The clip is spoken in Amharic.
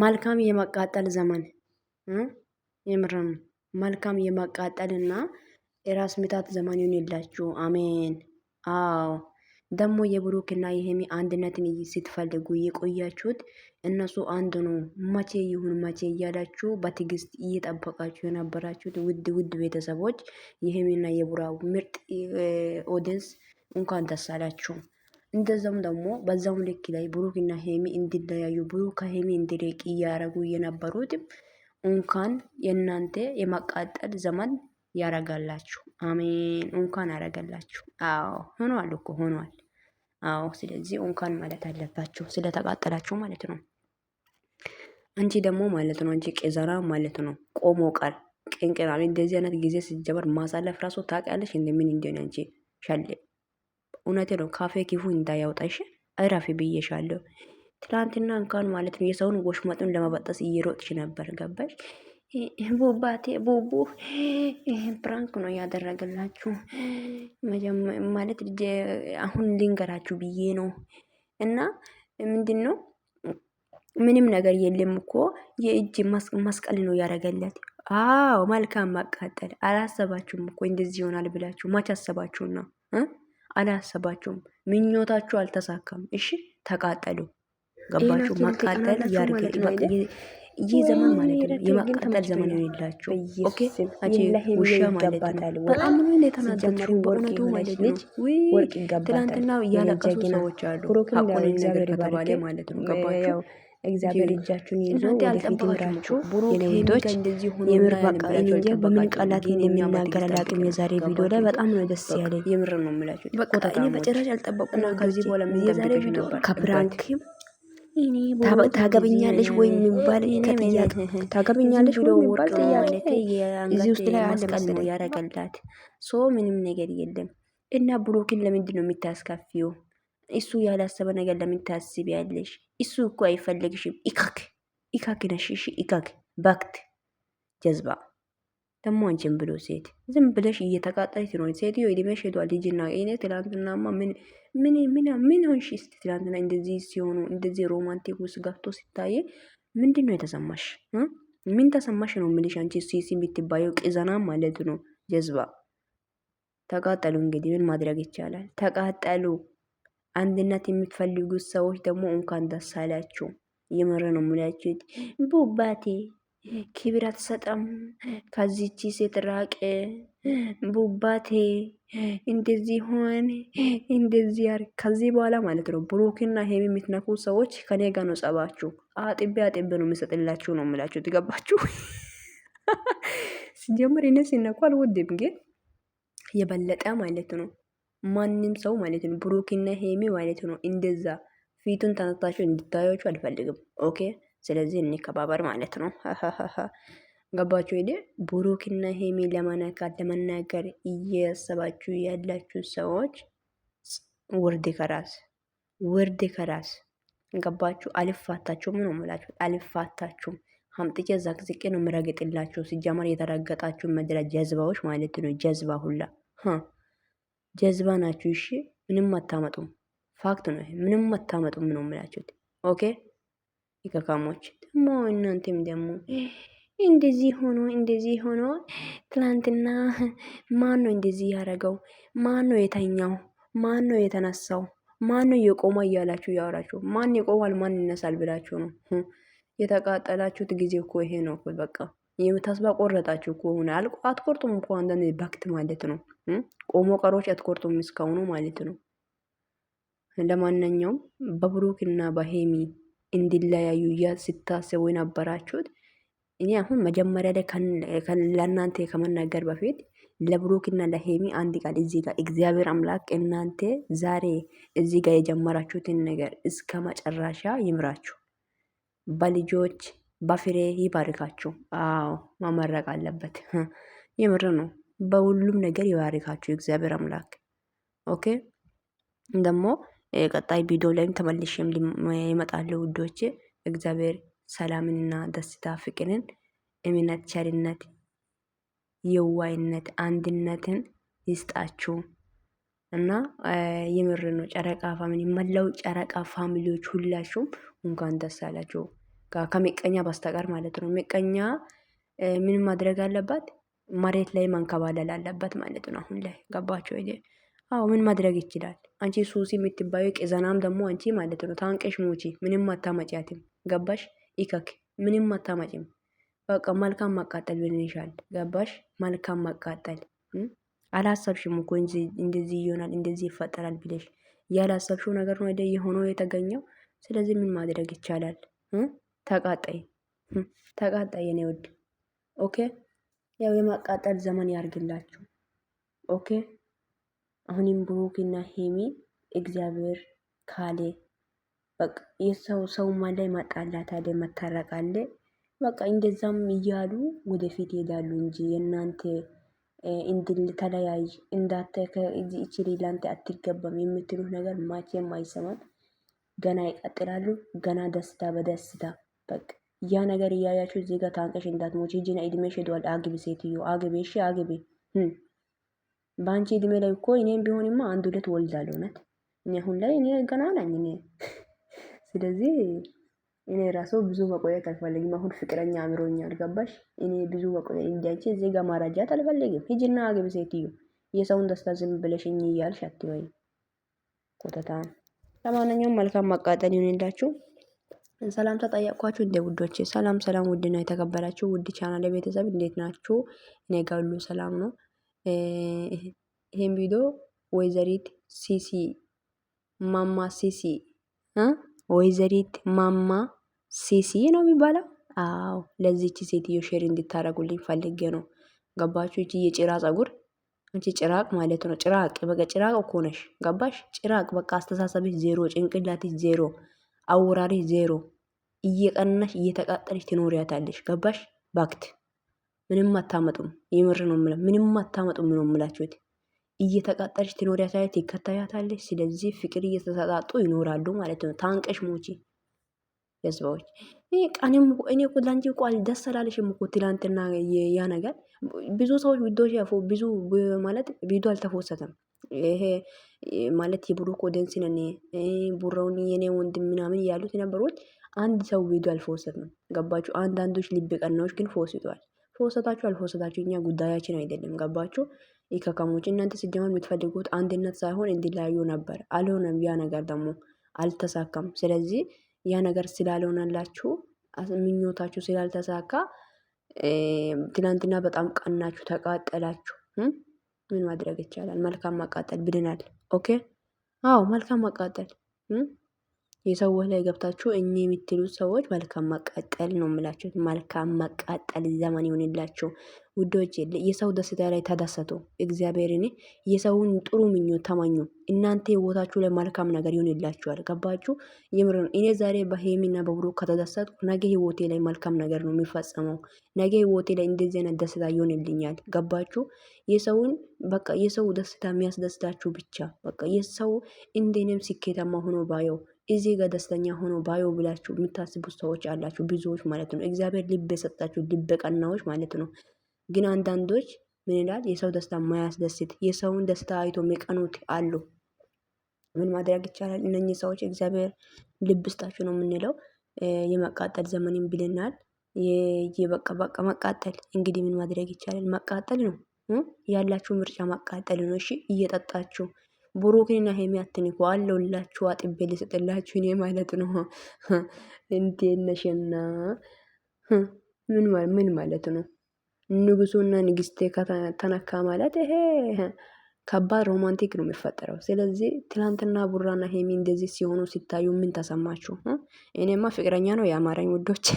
መልካም የማቃጠል ዘመን የምርም መልካም የማቃጠልና የራስ ምታት ዘመን ይሁንላችሁ። አሜን። አዎ ደግሞ እና የሄሚ አንድነትን ስትፈልጉ የቆያችሁት እነሱ አንድ ነው መቼ ይሁን መቼ እያላችሁ በትግስት እየጠበቃችሁ የነበራችሁት ውድ ውድ ቤተሰቦች የሄሚና የቡራ ምርጥ ኦዲየንስ እንኳን ደስ አላችሁ። እንደዛም ደግሞ በዛም ልክ ላይ ብሩክ እና ሄሚ እንዲለያዩ ብሩክ ከሄሚ እንዲርቅ እያረጉ የነበሩትም እንኳን የእናንተ የማቃጠል ዘመን ያረጋላችሁ። አሜን። እንኳን ያረጋላችሁ። አዎ ሆኗል እኮ ሆኗል። አዎ ስለዚህ እንኳን ማለት አለባችሁ ስለተቃጠላችሁ ማለት ነው። አንቺ ደግሞ ማለት ነው አንቺ ቄዘራ ማለት ነው ቆሞ ቀር ቅንቅናል። እንደዚህ አይነት ጊዜ ሲጀመር ማሳለፍ ራሱ ታውቂያለሽ እንደምን እንዲሆን አንቺ ሻሌ እውነቴ ነው። ካፌ ክፉ እንዳያውጣሽ እረፊ ብዬሻለሁ። ትላንትና እንኳን ማለት ነው የሰውን ወሽመጡን ለመበጠስ እየሮጥሽ ነበር። ገባሽ? ቡባቴ ቡቡ ፕራንክ ነው ያደረገላችሁ ማለት አሁን ልንገራችሁ ብዬ ነው። እና ምንድን ነው ምንም ነገር የለም እኮ የእጅ መስቀል ነው ያደረገለት። አዎ መልካም ማቃጠል። አላሰባችሁም እኮ እንደዚህ ይሆናል ብላችሁ መች አሰባችሁና አላሰባችሁም። ምኞታችሁ አልተሳካም። እሺ ተቃጠሉ። ገባችሁ? መቃጠል ያርገ ይህ ዘመን ማለት ነው የማቃጠል ዘመን ይሆንላችሁ። ውሻ ማለት ነው። በጣም ምን የተናገሩ በእውነቱ ማለት ነው። ትላንትና እያለቀሱ ሰዎች አሉ። ሀቁን ነገር ከተባለ ማለት ነው። ገባችሁ? እግዚአብሔር እጃችሁን ይዞ ወደፊት ይምራችሁ። የነውዶች የምር በቃ እንጃ በምን ቃላት የሚናገር አላቅም። የዛሬ ቪዲዮ ላይ በጣም ነው ደስ ያለኝ። የምር ነው የምላችሁ። በቃ እኔ በጭራሽ አልጠበቅኩም። ከዚህ በኋላ የዛሬ ቪዲዮ ከፕራንክም ታገብኛለሽ ወይም የሚባል ከጥያቄ ታገብኛለሽ ብሎ ወራል ጥያቄ እዚህ ውስጥ ላይ ያስቀምጥ ያረገላት ሶ ምንም ነገር የለም እና ብሩክን ለምንድን ነው የምታስከፊው? እሱ ያላሰበ ነገር ለምን ታስብ ያለሽ? እሱ እኮ አይፈልግሽም። ኢካክ ኢካክ ነሽ። እሺ ኢካክ ባክት ጀዝባ ደግሞ አንቺን ብሎ ሴት ዝም ብለሽ እየተቃጠለች ነው። ሴት እድሜሽ ሄዷል። ልጅና ኔ ትላንትናማ ምን ምን ምን ሆንሽ? እስቲ ትላንትና እንደዚህ ሲሆኑ እንደዚህ ሮማንቲክ ውስጥ ገብቶ ሲታየ ምንድን ነው የተሰማሽ? ምን ተሰማሽ ነው ምልሽ። አንቺ ሲሲ የምትባየው ቅዘና ማለት ነው። ጀዝባ ተቃጠሉ። እንግዲህ ምን ማድረግ ይቻላል? ተቃጠሉ። አንድነት የምትፈልጉት ሰዎች ደግሞ እንኳን ደስ አላችሁ። የምር ነው ሙላችሁት። ቡባቴ ክብር አትሰጠም ከዚች ሴት ራቅ። ቡባቴ እንደዚህ ሆን እንደዚህ ያር ከዚህ በኋላ ማለት ነው ብሩክና ሄም የምትነኩ ሰዎች ከኔ ጋር ነው ጸባችሁ። አጥቤ አጥቤ ነው የሚሰጥላችሁ ነው ምላችሁ። ትገባችሁ ሲጀምር እኔ ሲነኩ አልወድም፣ ግን የበለጠ ማለት ነው ማንም ሰው ማለት ነው ብሩክና ሄሚ ማለት ነው እንደዛ ፊቱን ተነታችሁ እንድታዩችሁ አልፈልግም። ኦኬ ስለዚህ እንከባበር ማለት ነው። ገባችሁ? ሄደ ብሩክና ሄሚ ለመነካት ለመናገር እያሰባችሁ ያላችሁ ሰዎች ውርድ ከራስ ውርድ ከራስ ገባችሁ? አልፋታችሁም ነው ምላችሁ። አልፋታችሁም ሀምጥቼ ዛቅዝቄ ነው ምረግጥላችሁ። ሲጀመር የተረገጣችሁ መድረ ጀዝባዎች ማለት ነው። ጀዝባ ሁላ ጀዝባ ናችሁ። እሺ ምንም አታመጡም። ፋክት ነው። ምንም አታመጡም ነው የምላችሁት። ኦኬ ይከካሞች ደግሞ እናንተም ደግሞ እንደዚህ ሆኖ እንደዚህ ሆኖ ትላንትና ማን ነው እንደዚህ ያደረገው? ማን ነው የተኛው? ማን ነው የተነሳው? ማን ነው የቆመ እያላችሁ እያወራችሁ ማን ይቆማል ማን ይነሳል ብላችሁ ነው የተቃጠላችሁት ጊዜ እኮ ይሄ ነው። በቃ ተስፋ ቆረጣችሁ ከሆነ አልቆ አትቆርጡም እኮ አንዳንድ ባክት ማለት ነው። ቆሞ ቀሮች አትቆርጡም እስካሁኑ ማለት ነው። ለማንኛውም በብሩክና በሄሚ እንዲለያዩ ስታስቡ የነበራችሁት እኔ አሁን መጀመሪያ ላይ ለእናንተ ከመናገር በፊት ለብሩክ ለብሩክና ለሄሚ አንድ ቃል እዚህ ጋር እግዚአብሔር አምላክ እናንተ ዛሬ እዚህ ጋር የጀመራችሁትን ነገር እስከ መጨረሻ ይምራችሁ በልጆች በፍሬ ይባርካችሁ። አዎ መመረቅ አለበት። የምር ነው። በሁሉም ነገር ይባርካችሁ እግዚአብሔር አምላክ። ኦኬ ደግሞ ቀጣይ ቪዲዮ ላይም ተመልሼም ይመጣሉ ውዶቼ። እግዚአብሔር ሰላምንና ደስታ፣ ፍቅርን፣ እምነት፣ ቸርነት፣ የዋይነት፣ አንድነትን ይስጣችሁ እና የምር ነው። ጨረቃ ፋሚሊ መላው ጨረቃ ፋሚሊዎች ሁላችሁም እንኳን ደስ አላችሁ። ጋር ከምቀኛ በስተቀር ማለት ነው። ምቀኛ ምን ማድረግ አለባት? መሬት ላይ መንከባለል አለበት ማለት ነው። አሁን ላይ ገባቸው። አዎ ምን ማድረግ ይችላል? አንቺ ሱሲ የምትባዩ ቅዘናም ደግሞ አንቺ ማለት ነው ታንቀሽ ሙቺ። ምንም አታመጫትም። ገባሽ? ኢከክ ምንም አታመጪም። በቃ መልካም ማቃጠል ብንሻል። ገባሽ? መልካም ማቃጠል አላሰብሽም እኮ እንደዚህ ይሆናል እንደዚህ ይፈጠራል ብለሽ ያላሰብሽው ነገር ነው የሆነው የተገኘው። ስለዚህ ምን ማድረግ ይቻላል? ተቃጣይ ተቃጣይ የኔ ውድ ኦኬ። ያው የማቃጠል ዘመን ያርግላችሁ ኦኬ። አሁንም እና ሄሚ እግዚአብሔር ካሌ በቃ የሰው ሰው ማላይ ማጣላት አለ መታረቅ አለ በቃ እንደዛም እያሉ ወደፊት ይሄዳሉ እንጂ የእናንተ እንድል ተለያይ እንዳተ ከእቺ ላንተ አትገባም የምትሉት ነገር ማቼም አይሰማም። ገና ይቀጥላሉ። ገና ደስታ በደስታ በቃ ያ ነገር እያያችሁ እዚህ ጋር ታንቀሽ እንዳትሞች ሂጂና እድሜሽ ሄዷል። አግቢ፣ ሴትዮ አግቢ፣ እሺ አግቢ። በአንቺ እድሜ ላይ እኮ እኔም ቢሆንማ አንድ ሁለት ወልዳለሁ። እውነት እኔ አሁን ላይ እኔ ገና ነኝ እኔ። ስለዚህ እኔ ራሱ ብዙ መቆየት አልፈልግም። አሁን ፍቅረኛ አምሮኛል፣ ገባሽ? እኔ ብዙ መቆየት እንዲያንቺ እዚህ ጋር ማራጃት አልፈልግም። ሂጂና አግቢ፣ ሴትዮ የሰውን ደስታ ዝም ብለሽኝ እያልሽ አትበይ ኮተታን። ለማንኛውም መልካም ማቃጠል ይሁንላችሁ። ሰላም ተጠየቅኳችሁ እንደ ውዶች ሰላም ሰላም፣ ውድ ነው የተከበራችሁ ውድ ቻናል ቤተሰብ እንዴት ናችሁ? እኔ ጋር ሁሉ ሰላም ነው። ይሄን ቪዲዮ ወይዘሪት ሲሲ ማማ ሲሲ ወይዘሪት ማማ ሲሲ ነው የሚባለው። አዎ ለዚች ሴትዮ ሼር እንድታደረጉልኝ ፈልጌ ነው። ገባችሁ? ይቺ የጭራ ጸጉር አንቺ ጭራቅ ማለት ነው። ጭራቅ በቃ ጭራቅ እኮ ነሽ። ገባሽ? ጭራቅ በቃ አስተሳሰብሽ ዜሮ፣ ጭንቅላትሽ ዜሮ አወራሪ ዜሮ እየቀነሽ እየተቃጠለች ትኖሪያታለሽ። ገባሽ? ባክት ምንም አታመጡም። የምር ነው ምላ ምንም አታመጡም ነው ምላችሁት። እየተቃጠለች ትኖሪያታለች፣ ትከታያታለች። ስለዚህ ፍቅር እየተሰጣጡ ይኖራሉ ማለት ነው። ታንቀሽ ሞቺ ህዝባዎች ይህ ቀንም እኔ እኮ ለአንቺ እኮ ደስ አላለሽም እኮ ትላንትና ያ ነገር ብዙ ሰዎች ቪዲዮ ያፎ ብዙ ማለት ቪዲዮ አልተፎሰተም። ይሄ ማለት የብሩክ ወደንስ ነን ቡራውን የኔ ወንድም ምናምን ያሉት የነበሩት አንድ ሰው ቪዲዮ አልፎሰትም። ገባችሁ? አንዳንዶች ልብ ቀናዎች ግን ፎስተዋል። ፎሰታችሁ አልፎሰታችሁ እኛ ጉዳያችን አይደለም። ገባችሁ? ይከከሞች እናንተ ስጀመር የምትፈልጉት አንድነት ሳይሆን እንዲለያዩ ነበር። አልሆነም። ያ ነገር ደግሞ አልተሳካም። ስለዚህ ያ ነገር ስላልሆነላችሁ ምኞታችሁ ስላልተሳካ ትናንትና በጣም ቀናችሁ፣ ተቃጠላችሁ። ምን ማድረግ ይቻላል? መልካም ማቃጠል ብድናል። ኦኬ አዎ መልካም ማቃጠል የሰዎች ላይ ገብታችሁ እኔ የምትሉት ሰዎች መልካም ማቃጠል ነው የምላችሁ። መልካም ማቃጠል ዘመን ይሁንላችሁ። ውዶች የሰው ደስታ ላይ ተደሰቱ። እግዚአብሔርን የሰውን ጥሩ ምኞት ተመኙ። እናንተ ህይወታችሁ ላይ መልካም ነገር ይሆንላችኋል። ገባችሁ? የምር እኔ ዛሬ በሄሚና በብሩክ ከተደሰቱ ነገ ህይወቴ ላይ መልካም ነገር ነው የሚፈጸመው። ነገ ህይወቴ ላይ እንደዚህ አይነት ደስታ ይሆንልኛል። ገባችሁ? የሰውን በቃ የሰው ደስታ የሚያስደስታችሁ ብቻ በቃ የሰው እንደኔም ስኬታማ ሆኖ ባየው እዚህ ጋር ደስተኛ ሆኖ ባዮ ብላችሁ የምታስቡ ሰዎች አላችሁ፣ ብዙዎች ማለት ነው። እግዚአብሔር ልብ የሰጣችሁ ልብ ቀናዎች ማለት ነው። ግን አንዳንዶች ምን ይላል የሰው ደስታ ማያስደስት የሰውን ደስታ አይቶ የሚቀኑት አሉ። ምን ማድረግ ይቻላል? እነኚህ ሰዎች እግዚአብሔር ልብ ስጣችሁ ነው የምንለው። የመቃጠል ዘመንም ብልናል። የበቃ በቃ መቃጠል እንግዲህ ምን ማድረግ ይቻላል? መቃጠል ነው ያላችሁ ምርጫ መቃጠል ነው። እሺ እየጠጣችሁ ብሩክንና ሄሚያትን እኮ አጥቤ ልስጥላችሁ እኔ ማለት ነው። እንዴት ነሽና ምን ምን ማለት ነው? ንጉሱና ንግስቴ ተነካ ማለት ይሄ ከባድ ሮማንቲክ ነው የሚፈጠረው። ስለዚህ ትላንትና ቡራና ሄሚ እንደዚህ ሲሆኑ ሲታዩ ምን ተሰማችሁ? እኔማ ፍቅረኛ ነው የአማረኝ ውዶች።